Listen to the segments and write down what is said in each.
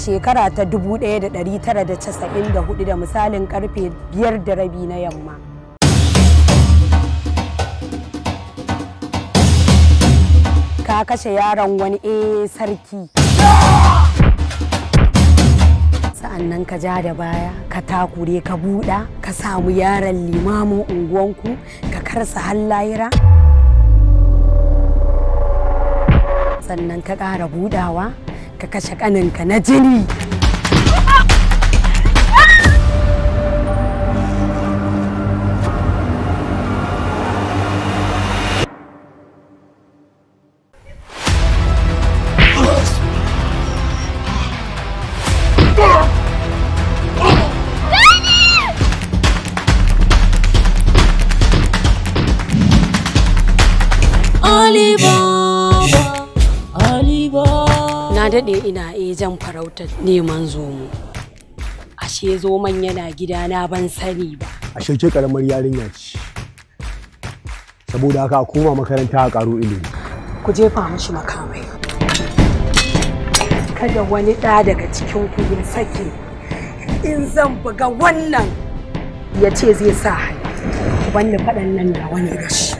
shekara ta 1994 da misalin karfe 5 da rabi na yamma. Ka kashe yaron wani e sarki. sa'annan ka ja da baya ka takure ka buɗa ka samu yaron limamin unguwanku ka karsa hallayira sannan ka ƙara buɗawa kakasakananka na jini. Oliver. na daɗe ina eh, jan farautar neman zomo ashe zoman yana gida na ban sani ba ashe ke karamar yarinya ce saboda haka koma makaranta a karo ilimi ku jefa mashi makamai kada wani ɗa daga cikin ku ya sake in zan buga wannan ya ce zai sa ku banni faɗan nan da wani gashi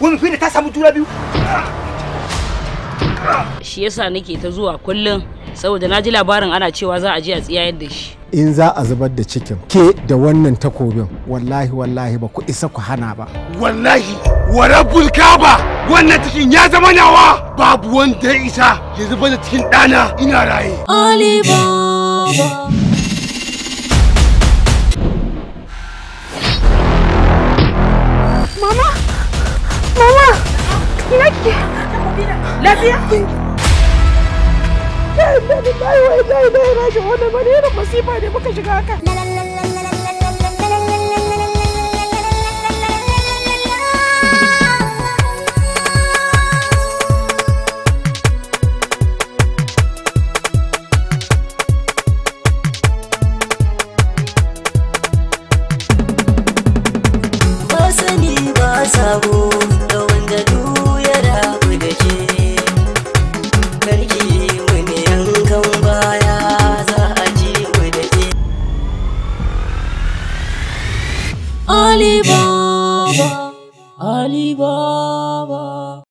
wani fina ta samu juna biyu shi yasa nake ta zuwa kullum saboda na ji labarin ana cewa za a je a tsiyayar da shi in za a zubar da cikin ke da wannan takobin wallahi wallahi ba ku isa ku hana ba wallahi warabul kaba wannan cikin ya zama nawa babu wanda ya isa ya zubar da cikin dana ina raye Ali lafiya da bai wai dai wannan bane irin masifa ne muka shiga haka sabo Alibaba, Alibaba.